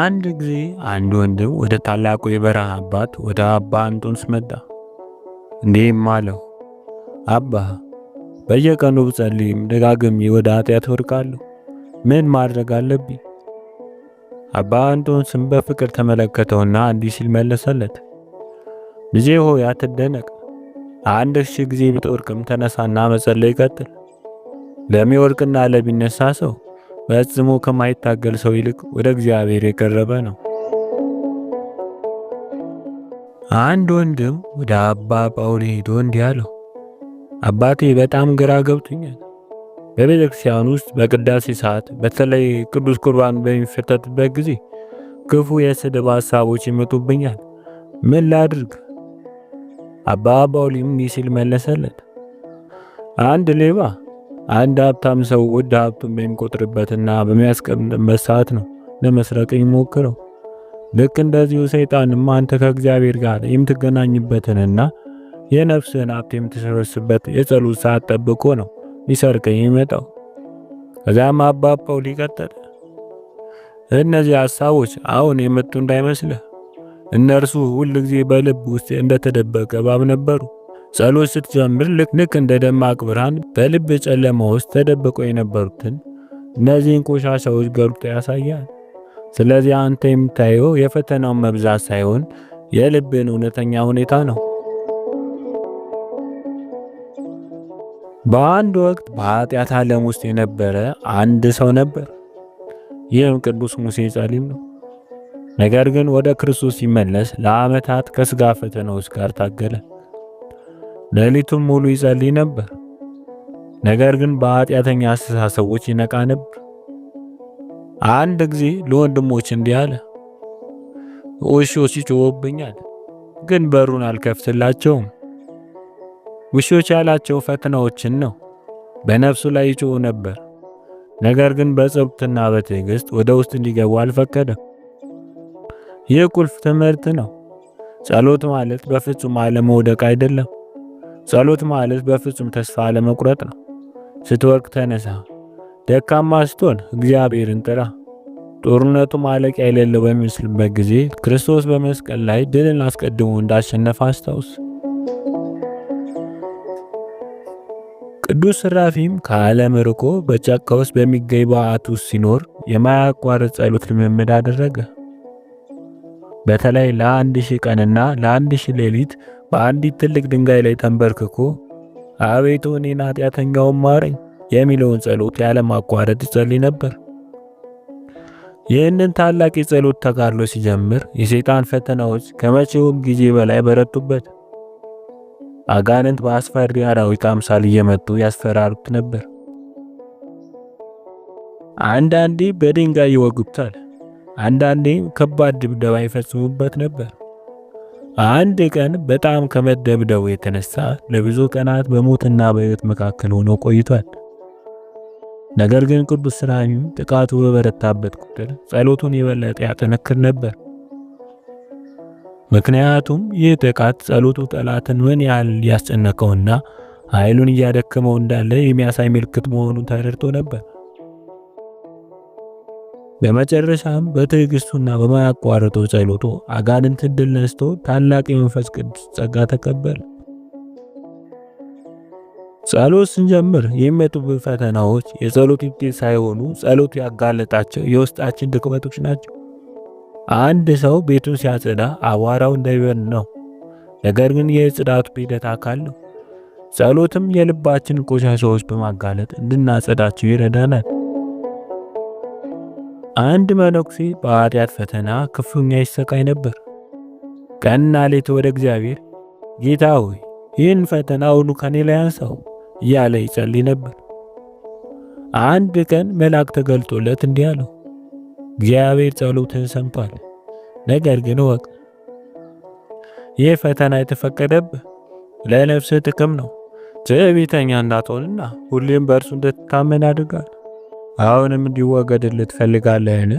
አንድ ጊዜ አንድ ወንድም ወደ ታላቁ የበረሃ አባት ወደ አባ አንጦንስ መጣ። እንዲህም አለው፣ አባ በየቀኑ ብጸልይም ደጋግሜ ወደ ኃጢአት ወድቃለሁ። ምን ማድረግ አለብኝ? አባ እንጦንስም በፍቅር ተመለከተውና እንዲህ ሲል መለሰለት፣ ልጄ ሆይ አትደነቅ። አንድ ሺህ ጊዜ ብትወድቅም ተነሳና መጸለይ ቀጥል። ለሚወድቅና ለሚነሳ ሰው ፈጽሞ ከማይታገል ሰው ይልቅ ወደ እግዚአብሔር የቀረበ ነው። አንድ ወንድም ወደ አባ ጳውል ሄዶ እንዲህ አለው፣ አባቴ በጣም ግራ ገብቶኛል። በቤተ ክርስቲያን ውስጥ በቅዳሴ ሰዓት በተለይ ቅዱስ ቁርባን በሚፈተትበት ጊዜ ክፉ የስድብ ሀሳቦች ይመጡብኛል። ምን ላድርግ? አባ ጳውሊም እንዲህ ሲል መለሰለት፣ አንድ ሌባ አንድ ሀብታም ሰው ውድ ሀብት በሚቆጥርበትና በሚያስቀምጥበት ሰዓት ነው ለመስረቅ የሚሞክረው። ልክ እንደዚሁ ሰይጣንም አንተ ከእግዚአብሔር ጋር የምትገናኝበትንና የነፍስህን ሀብት የምትሰበስበት የጸሎት ሰዓት ጠብቆ ነው ሊሰርቅ የሚመጣው። ከዚያም አባ ጳውሊ እነዚህ ሀሳቦች አሁን የመጡ እንዳይመስልህ፣ እነርሱ ሁል ጊዜ በልብ ውስጥ እንደተደበቀ እባብ ነበሩ። ጸሎት ስትጀምር ልክ ልክ እንደ ደማቅ ብርሃን በልብ ጨለማ ውስጥ ተደብቀው የነበሩትን እነዚህን ቆሻሻዎች ገልጦ ያሳያል። ስለዚህ አንተ የምታየው የፈተናውን መብዛት ሳይሆን የልብን እውነተኛ ሁኔታ ነው። በአንድ ወቅት በኃጢአት ዓለም ውስጥ የነበረ አንድ ሰው ነበር። ይህም ቅዱስ ሙሴ ጸሊም ነው። ነገር ግን ወደ ክርስቶስ ሲመለስ ለዓመታት ከስጋ ፈተናዎች ጋር ታገለ። ሌሊቱን ሙሉ ይጸልይ ነበር። ነገር ግን በኃጢአተኛ አስተሳሰቦች ይነቃ ነበር። አንድ ጊዜ ለወንድሞች እንዲህ አለ፣ ውሾች ይጮውብኛል ግን በሩን አልከፍትላቸውም። ውሾች ያላቸው ፈተናዎችን ነው። በነፍሱ ላይ ይጮህ ነበር፣ ነገር ግን በጸሎትና በትዕግስት ወደ ውስጥ እንዲገቡ አልፈቀደም። ይህ ቁልፍ ትምህርት ነው። ጸሎት ማለት በፍጹም አለመውደቅ አይደለም ጸሎት ማለት በፍጹም ተስፋ አለመቁረጥ ነው። ስትወርቅ ተነሳ፣ ደካማ ስትሆን እግዚአብሔርን ጥራ። ጦርነቱ ማለቂያ የሌለው በሚመስልበት ጊዜ ክርስቶስ በመስቀል ላይ ድልን አስቀድሞ እንዳሸነፈ አስታውስ። ቅዱስ ሱራፊም ከዓለም ርቆ በጫካ ውስጥ በሚገኝ በዓት ውስጥ ሲኖር የማያቋርጥ ጸሎት ልምምድ አደረገ። በተለይ ለአንድ ሺህ ቀንና ለአንድ ሺህ ሌሊት በአንዲት ትልቅ ድንጋይ ላይ ተንበርክኮ አቤቱ እኔን ኃጢአተኛውን ማረኝ የሚለውን ጸሎት ያለማቋረጥ ይጸልይ ነበር። ይህንን ታላቅ የጸሎት ተጋድሎ ሲጀምር የሰይጣን ፈተናዎች ከመቼውም ጊዜ በላይ በረቱበት። አጋንንት በአስፈሪ አራዊት አምሳል እየመጡ ያስፈራሩት ነበር። አንዳንዴ በድንጋይ ይወጉታል፣ አንዳንዴ ከባድ ድብደባ ይፈጽሙበት ነበር። አንድ ቀን በጣም ከመደብደቡ የተነሳ ለብዙ ቀናት በሞትና በህይወት መካከል ሆኖ ቆይቷል። ነገር ግን ቅዱስ ሴራፊም ጥቃቱ በበረታበት ቁጥር ጸሎቱን የበለጠ ያጠነክር ነበር። ምክንያቱም ይህ ጥቃት ጸሎቱ ጠላትን ምን ያህል ያስጨነቀውና ኃይሉን እያደከመው እንዳለ የሚያሳይ ምልክት መሆኑን ተረድቶ ነበር። በመጨረሻም በትዕግስቱና በማያቋርጠው ጸሎቱ አጋንንትን ድል ነስቶ ታላቅ የመንፈስ ቅዱስ ጸጋ ተቀበለ። ጸሎት ስንጀምር የሚመጡብን ፈተናዎች የጸሎት ውጤት ሳይሆኑ ጸሎት ያጋለጣቸው የውስጣችን ድክመቶች ናቸው። አንድ ሰው ቤቱን ሲያጸዳ አቧራው እንዳይበን ነው። ነገር ግን የጽዳቱ ሂደት አካል ነው። ጸሎትም የልባችን ቆሻሻዎች በማጋለጥ እንድናጸዳቸው ይረዳናል። አንድ መነኩሴ በኃጢአት ፈተና ክፉኛ ይሰቃይ ነበር። ቀንና ሌት ወደ እግዚአብሔር ጌታ ሆይ ይህን ፈተና ሁሉ ከኔ ላይ አንሳው እያለ ይጸልይ ነበር። አንድ ቀን መልአክ ተገልጦለት እንዲህ አለው፣ እግዚአብሔር ጸሎትን ሰምቷል። ነገር ግን ወቅ ይህ ፈተና የተፈቀደብህ ለነፍስህ ጥቅም ነው። ትዕቢተኛ እንዳትሆንና ሁሌም በእርሱ እንድትታመን አድርጋል። አሁንም እንዲወገድልህ ትፈልጋለህን?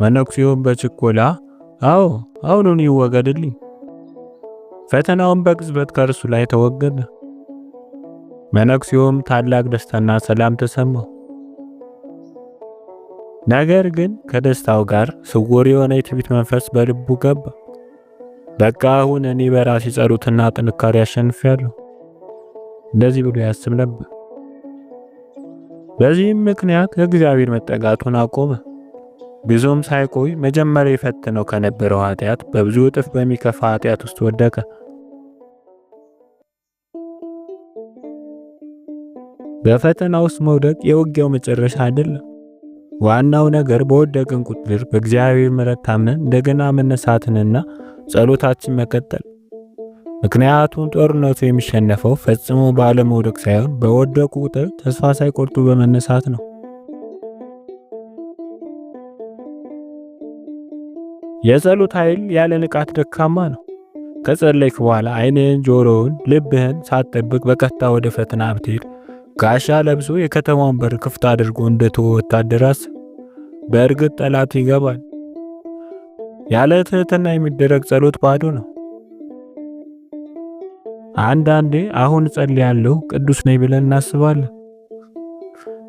መነኩሴውም በችኮላ አዎ አሁኑን ይወገድልኝ። ፈተናውን በቅጽበት ከእርሱ ላይ ተወገደ። መነኩሴውም ታላቅ ደስታና ሰላም ተሰማው። ነገር ግን ከደስታው ጋር ስውር የሆነ የትዕቢት መንፈስ በልቡ ገባ። በቃ አሁን እኔ በራሴ ጸሎትና ጥንካሬ አሸንፌያለሁ፣ እንደዚህ ብሎ ያስብ ነበር። በዚህም ምክንያት እግዚአብሔር መጠጋቱን አቆመ። ብዙም ሳይቆይ መጀመሪያ የፈተነው ከነበረው ኃጢአት በብዙ እጥፍ በሚከፋ ኃጢአት ውስጥ ወደቀ። በፈተና ውስጥ መውደቅ የውጊያው መጨረሻ አይደለም። ዋናው ነገር በወደቅን ቁጥር በእግዚአብሔር ምሕረት ታምነን እንደገና መነሳትንና ጸሎታችን መቀጠል ምክንያቱም ጦርነቱ የሚሸነፈው ፈጽሞ ባለመውደቅ ሳይሆን በወደቁ ቁጥር ተስፋ ሳይቆርጡ በመነሳት ነው። የጸሎት ኃይል ያለ ንቃት ደካማ ነው። ከጸለይክ በኋላ ዓይንህን፣ ጆሮውን፣ ልብህን ሳትጠብቅ በቀጥታ ወደ ፈተና ብትሄድ ጋሻ ለብሶ የከተማውን በር ክፍት አድርጎ እንደተወ ወታደር አስብ። በእርግጥ ጠላት ይገባል። ያለ ትህትና የሚደረግ ጸሎት ባዶ ነው። አንዳንዴ አሁን ጸልያለሁ ቅዱስ ነኝ ብለን እናስባለን፣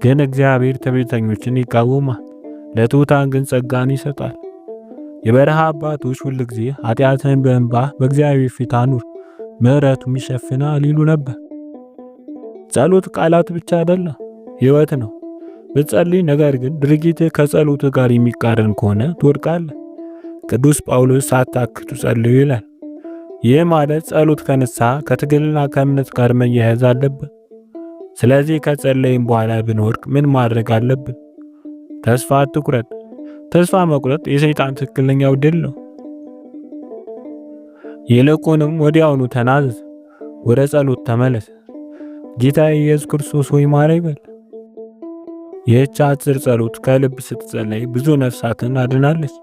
ግን እግዚአብሔር ትዕቢተኞችን ይቃወማል፣ ለትሑታን ግን ጸጋን ይሰጣል። የበረሃ አባቶች ሁል ጊዜ ኃጢአትን በእንባ በእግዚአብሔር ፊት አኑር ምሕረቱም ይሸፍናል ይሉ ነበር። ጸሎት ቃላት ብቻ አይደለም፣ ሕይወት ነው። ብትጸልይ ነገር ግን ድርጊት ከጸሎት ጋር የሚቃረን ከሆነ ትወድቃለህ። ቅዱስ ጳውሎስ ሳታክቱ ጸልዩ ይላል። ይህ ማለት ጸሎት ከንሳ ከትግልና ከእምነት ጋር መያያዝ አለብን። ስለዚህ ከጸለይም በኋላ ብንወድቅ ምን ማድረግ አለብን? ተስፋ አትቁረጥ። ተስፋ መቁረጥ የሰይጣን ትክክለኛው ድል ነው። ይልቁንም ወዲያውኑ ተናዘዝ፣ ወደ ጸሎት ተመለስ። ጌታ ኢየሱስ ክርስቶስ ሆይ ማረኝ በል። ይህች አጭር ጸሎት ከልብ ስትጸለይ ብዙ ነፍሳትን አድናለች።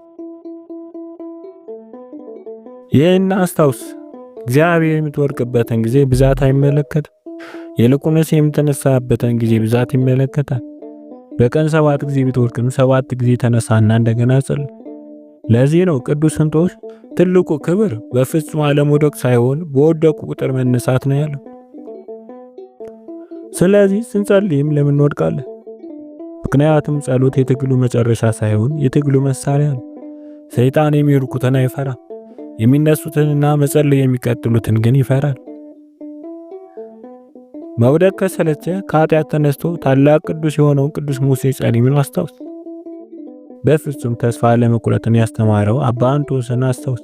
ይህን አስታውስ። እግዚአብሔር የምትወርቅበትን ጊዜ ብዛት አይመለከትም፣ ይልቁንስ የምትነሳበትን ጊዜ ብዛት ይመለከታል። በቀን ሰባት ጊዜ ብትወድቅም ሰባት ጊዜ ተነሳና እንደገና ጸልይ። ለዚህ ነው ቅዱስ እንጦንስ ትልቁ ክብር በፍጹም አለመውደቅ ሳይሆን በወደቁ ቁጥር መነሳት ነው ያለው። ስለዚህ ስንጸልይም ለምን እንወድቃለን? ምክንያቱም ጸሎት የትግሉ መጨረሻ ሳይሆን የትግሉ መሳሪያ ነው። ሰይጣን የሚርቁትን አይፈራም። የሚነሱትንና መጸለይ የሚቀጥሉትን ግን ይፈራል። መውደቅ ከሰለቸ ከኃጢአት ተነስቶ ታላቅ ቅዱስ የሆነውን ቅዱስ ሙሴ ጸሊምን አስታውስ። በፍጹም ተስፋ አለመቁረጥን ያስተማረው አባ አንጦንስን አስታውስ።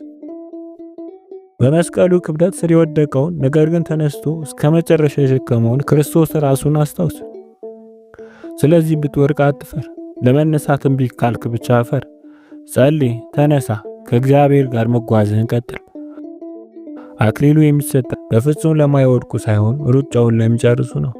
በመስቀሉ ክብደት ስር የወደቀውን ነገር ግን ተነስቶ እስከ መጨረሻ የሸከመውን ክርስቶስ ራሱን አስታውስ። ስለዚህ ብትወርቅ አትፈር፣ ለመነሳት ቢካልክ ብቻ ፈር፣ ጸልይ፣ ተነሳ። ከእግዚአብሔር ጋር መጓዝህን ቀጥል። አክሊሉ የሚሰጠ በፍጹም ለማይወድቁ ሳይሆን ሩጫውን ለሚጨርሱ ነው።